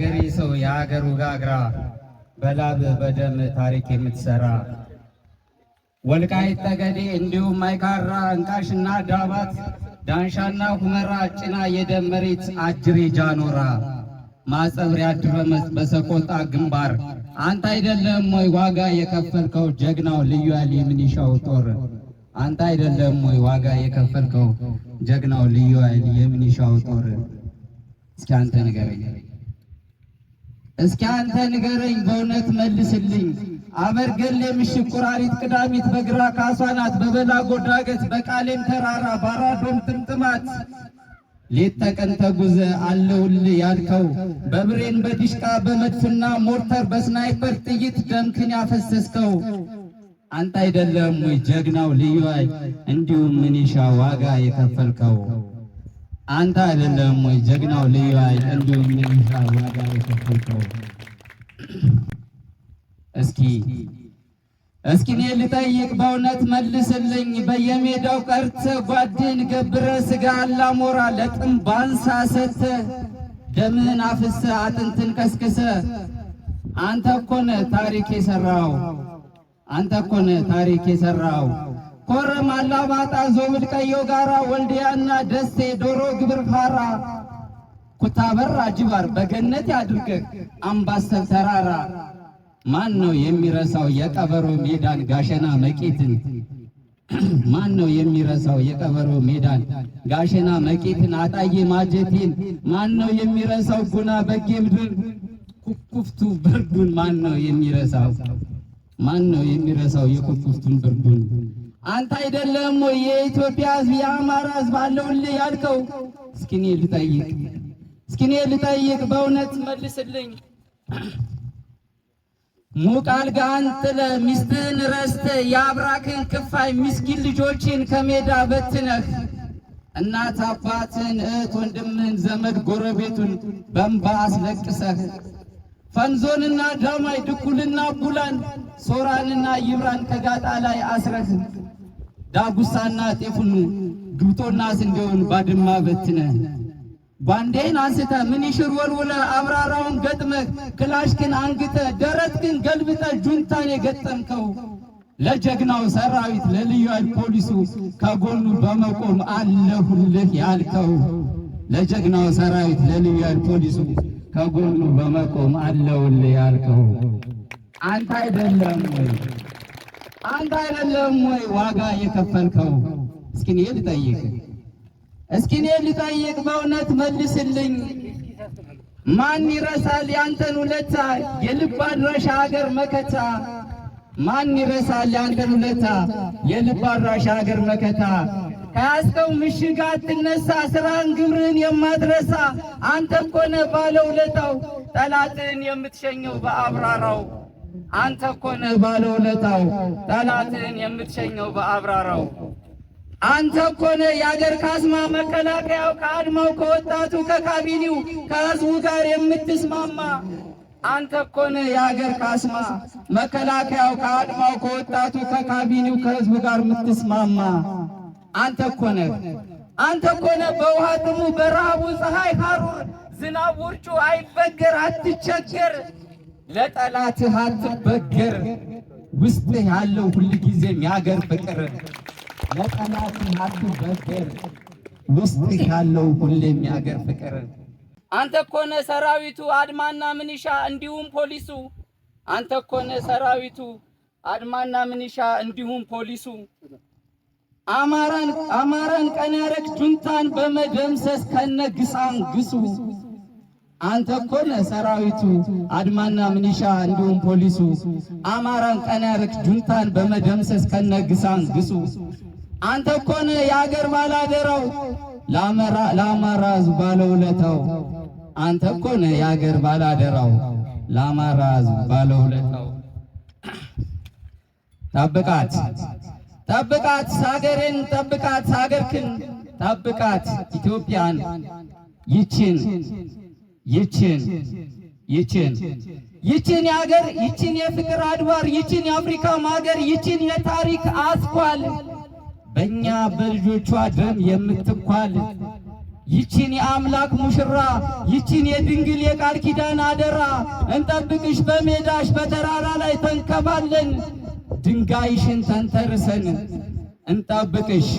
የአገሪ ሰው የአገር ጋግራ በላብ በደም ታሪክ የምትሰራ ወልቃይት ጠገዴ እንዲሁም ማይካራ እንቃሽና ዳባት ዳንሻና ሁመራ ጭና የደም መሬት አጅሬ ጃኖራ ማጸብሪያ ድረመስ በሰቆጣ ግንባር አንተ አይደለም ወይ ዋጋ የከፈልከው ጀግናው ልዩ ኃይል የምንሻው ጦር አንተ አይደለም ወይ ዋጋ የከፈልከው ጀግናው ልዩ ኃይል የምንሻው ጦር እስኪ አንተ ንገረኝ። እስኪ አንተ ንገረኝ በእውነት መልስልኝ። አበርገል የምሽ ቁራሪት ቅዳሚት በግራ ካሷናት በበላ ጎዳገት በቃሌም ተራራ ባራዶም ጥምጥማት ሌት ተቀን ተጉዘ አለውል ያልከው በብሬን በዲሽቃ በመድፍና ሞርተር በስናይፐር ጥይት ደምክን ያፈሰስከው አንተ አይደለም ወይ ጀግናው ልዩዋይ እንዲሁም ምንሻ ዋጋ የከፈልከው አንተ አይደለም ወይ ጀግናው ልዩ እንዲሁም ሚኒሻ ዋጋ የከፈልከው? እስኪ እስኪ እኔ ልጠይቅ በእውነት መልስልኝ። በየሜዳው ቀርተ ጓድን ገብረ ስጋ አላሞራ ለጥም ባንሳ ሰተ ደምህን አፍሰ አጥንትን ከስከሰ አንተ ኮነ ታሪክ የሰራው አንተ እኮነ ታሪክ የሰራው ኮረም፣ አላማጣ፣ ዞምልቀዮ ጋራ፣ ወልዲያና ደሴ፣ ዶሮ ግብር፣ ፋራ፣ ኩታበር፣ አጅባር በገነት ያድርግህ አምባሰል ተራራ። ማን ነው የሚረሳው የቀበሮ ሜዳን ጋሸና መቄትን? ማን ነው የሚረሳው የቀበሮ ሜዳን ጋሸና መቄትን አጣዬ ማጀቴን? ማን ነው የሚረሳው ጉና በጌ ምድር ኩኩፍቱ ብርዱን? ማን ነው የሚረሳው ማን ነው የሚረሳው የኩኩፍቱን ብርዱን? አንተ አይደለም ወይ የኢትዮጵያ ህዝብ የአማራ ህዝብ አለውልህ ያልከው? እስኪ እኔ ልጠይቅ፣ እስኪ እኔ ልጠይቅ፣ በእውነት መልስልኝ። ሙቅ አልጋህን ጥለህ ሚስትህን ረስተህ የአብራክን ክፋይ ምስኪን ልጆችን ከሜዳ በትነህ እናት አባትን እህት ወንድምን ዘመድ ጎረቤቱን በእንባ አስለቅሰህ ፈንዞንና ዳማይ ድኩልና ቡላን ሶራንና ይብራን ከጋጣ ላይ አስረህ ዳጉሳና ጤፉን ግብቶና ስንዴውን ባድማ በትነ ባንዴን አንስተ ምንሽር ወልውለ አብራራውን ገጥመ ክላሽክን አንግተ ደረትክን ገልብጠ ጁንታን የገጠምከው ለጀግናው ሰራዊት ለልዩ ኃይል ፖሊሱ ከጎኑ በመቆም አለሁልህ ያልከው ለጀግናው ሰራዊት ለልዩ ኃይል ፖሊሱ ከጎኑ በመቆም አለሁልህ ያልከው አንተ አይደለም ወይ? አንተ አይደለም ወይ ዋጋ የከፈልከው? እስኪ እኔ ልጠይቅ፣ እስኪ እኔ ልጠይቅ፣ በእውነት መልስልኝ። ማን ይረሳል ያንተን ውለታ የልብ አድራሻ ሀገር መከታ? ማን ይረሳል ያንተን ውለታ የልብ አድራሻ ሀገር መከታ? ከያዝከው ምሽግ አትነሳ፣ ስራን ግብርን የማትረሳ አንተ እኮ ነህ ባለ ውለታው፣ ጠላትን የምትሸኘው በአብራራው አንተ እኮ ነህ ባለውለታው፣ ጠላትህን የምትሸኘው በአብራራው። አንተ እኮ ነህ የአገር ካስማ መከላከያው፣ ከአድማው ከወጣቱ ከካቢኔው ከህዝቡ ጋር የምትስማማ። አንተ እኮ ነህ የአገር ካስማ መከላከያው፣ ከአድማው ከወጣቱ ከካቢኔው ከህዝቡ ጋር የምትስማማ። አንተ እኮ ነህ አንተ እኮ ነህ በውሃ ጥሙ በረሃቡ ፀሐይ ሐሩር ዝናብ ውርጩ አይበገር አትቸገር ለጠላትህ አትበገር፣ ውስጥህ ያለው ሁልጊዜም የአገር ፍቅር። ለጠላትህ አትበገር፣ ውስጥህ ያለው ሁሌም የአገር ፍቅር። አንተ ኮነ ሰራዊቱ አድማና ምንሻ እንዲሁም ፖሊሱ። አንተ ኮነ ሰራዊቱ አድማና ምንሻ እንዲሁም ፖሊሱ። አማራን አማራን ቀን ያረግ ጁንታን በመደምሰስ ከነ ግሳን ግሱ አንተ እኮ ነህ ሰራዊቱ አድማና ምኒሻ እንዲሁም ፖሊሱ አማራን ቀናርክ ጁንታን በመደምሰስ ከነግሳን ግሱ አንተ እኮ ነህ የአገር ባላደራው ለአማራ ሕዝብ ባለውለታው አንተ እኮ ነህ የአገር ባላደራው ለአማራ ሕዝብ ባለውለታው ጠብቃት ጠብቃት ሀገሬን ጠብቃት ሀገርክን ጠብቃት ኢትዮጵያን ይችን ይችን ይችን ይችን የሀገር ይችን የፍቅር አድባር ይችን የአፍሪካ ማገር ይችን የታሪክ አስኳል በእኛ በልጆቿ ደም የምትኳል ይችን የአምላክ ሙሽራ ይችን የድንግል የቃል ኪዳን አደራ እንጠብቅሽ በሜዳሽ በተራራ ላይ ተንከባለን ድንጋይሽን ተንተርሰን እንጠብቅሽ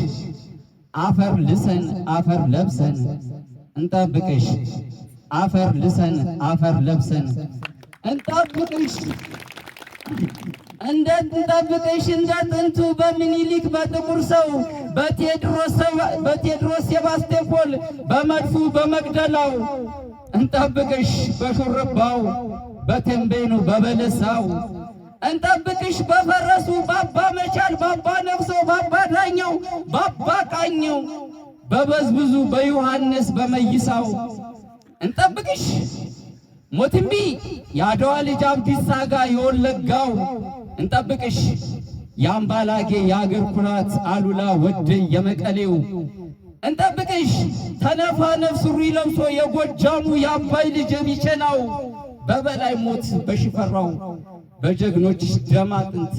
አፈር ልሰን አፈር ለብሰን እንጠብቅሽ አፈር ልሰን አፈር ለብሰን እንጠብቅሽ እንደንጠብቅሽ እንደ ጥንቱ በሚኒሊክ በጥቁር ሰው በቴዎድሮስ ሴባስቶፖል በመድፉ በመግደላው እንጠብቅሽ በሹርባው በተንቤኑ በበለሳው እንጠብቅሽ በፈረሱ ባባ መቻል ባባ ነፍሶ ባባ ዳኘው ባባ ቃኘው በበዝብዙ በዮሐንስ በመይሳው እንጠብቅሽ ሞትንቢ የአድዋ ልጅ አብዲሳ አጋ የወለጋው እንጠብቅሽ የአምባላጌ የአገር ኩራት አሉላ ወደይ የመቀሌው እንጠብቅሽ ተነፋነፍ ሱሪ ለብሶ የጎጃሙ የአባይ ልጅ የሚቸናው በበላይ ሞት በሽፈራው በጀግኖች ደም አጥንት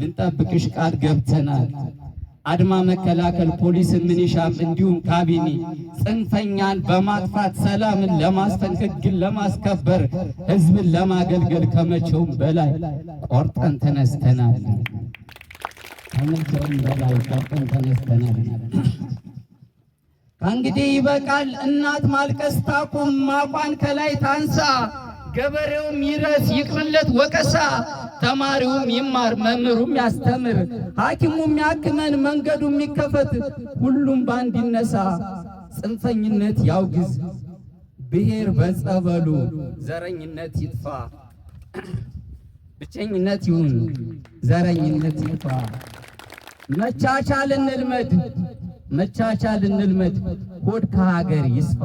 ልንጠብቅሽ ቃል ገብተናል። አድማ መከላከል፣ ፖሊስን፣ ምኒሻም እንዲሁም ካቢኔ ጽንፈኛን በማጥፋት ሰላምን ለማስፈን ሕግን ለማስከበር ሕዝብን ለማገልገል ከመቼውም በላይ ቆርጠን ተነስተናል። ከመቼውም በላይ ቆርጠን ተነስተናል። ከእንግዲህ ይበቃል። እናት ማልቀስ ታቁም፣ ማቋን ከላይ ታንሳ፣ ገበሬውም ይረስ ይቅርለት ወቀሳ ተማሪውም ይማር፣ መምህሩም ያስተምር፣ ሐኪሙም ያክመን፣ መንገዱም ይከፈት፣ ሁሉም ባንድ ይነሳ፣ ጽንፈኝነት ያውግዝ፣ ብሔር በጸበሉ ዘረኝነት ይጥፋ፣ ብቸኝነት ይሁን፣ ዘረኝነት ይጥፋ። መቻቻል እንልመድ፣ መቻቻል እንልመድ፣ ሆድ ከሀገር ይስፋ።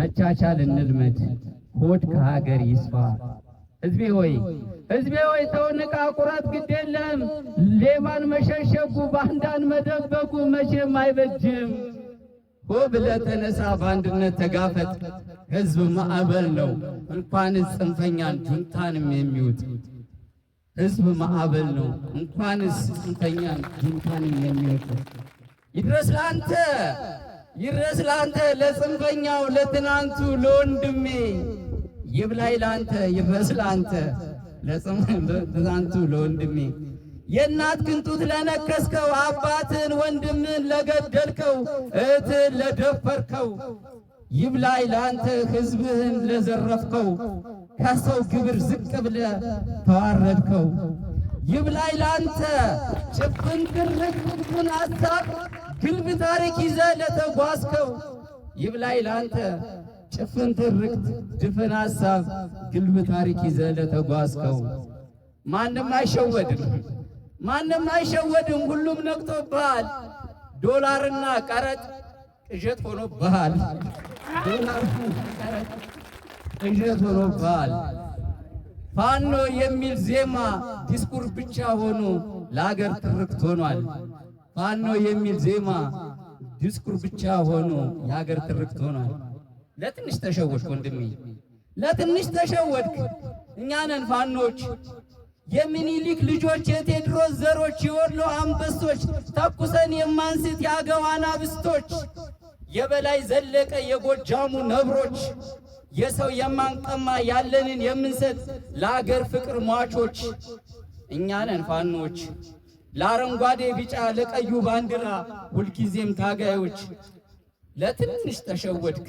መቻቻል እንልመድ፣ ሆድ ከሀገር ይስፋ። ሕዝቤ ሆይ ሕዝቤ ሆይ ሰውን ንቃ፣ ኩራት ግድ የለም። ሌባን መሸሸጉ፣ ባንዳን መደበቁ መቼም አይበጅም። ሆ ብለ ተነሳ፣ በአንድነት ተጋፈጥ። ሕዝብ ማዕበል ነው፣ እንኳንስ ጽንፈኛን ጁንታንም የሚውጥ ሕዝብ ማዕበል ነው፣ እንኳንስ ጽንፈኛን ጁንታንም የሚውጥ ይድረስ ለአንተ ይድረስ ለአንተ ለጽንፈኛው ለትናንቱ ለወንድሜ ይብላይ ላንተ ይበስ ላንተ ለጽም ብዛንቱ ለወንድሜ የእናት ግንጡት ለነከስከው አባትን ወንድምን ለገደልከው እህትን ለደፈርከው ይብላይ ለአንተ ሕዝብህን ለዘረፍከው ከሰው ግብር ዝቅ ብለ ተዋረድከው ይብላይ ለአንተ ጭፍን ትርክትን አሳብ ግልብ ታሪክ ይዘ ለተጓዝከው ይብላይ ለአንተ ጭፍን ትርክት፣ ድፍን ሐሳብ፣ ግልብ ታሪክ ይዘህ ለተጓዝከው ማንም አይሸወድም፣ ማንም አይሸወድም። ሁሉም ነቅቶብሃል። ዶላርና ቀረጥ ቅዠት ሆኖብሃል። ዶላርና ቀረጥ ቅዠት ሆኖብሃል። ፋኖ የሚል ዜማ ዲስኩር ብቻ ሆኖ ለአገር ትርክት ሆኗል። ፋኖ የሚል ዜማ ዲስኩር ብቻ ሆኖ የአገር ትርክት ሆኗል። ለትንሽ ተሸወድክ ወንድሜ፣ ለትንሽ ተሸወድክ። እኛ ነን ፋኖች፣ የሚኒሊክ ልጆች፣ የቴድሮስ ዘሮች፣ የወሎ አንበሶች፣ ተኩሰን የማንስት የአገው አናብስቶች፣ የበላይ ዘለቀ የጎጃሙ ነብሮች፣ የሰው የማንቀማ ያለንን የምንሰጥ ለአገር ፍቅር ሟቾች እኛ ነን ፋኖች ለአረንጓዴ ቢጫ ለቀዩ ባንዲራ ሁልጊዜም ታጋዮች። ለትንሽ ተሸወድክ።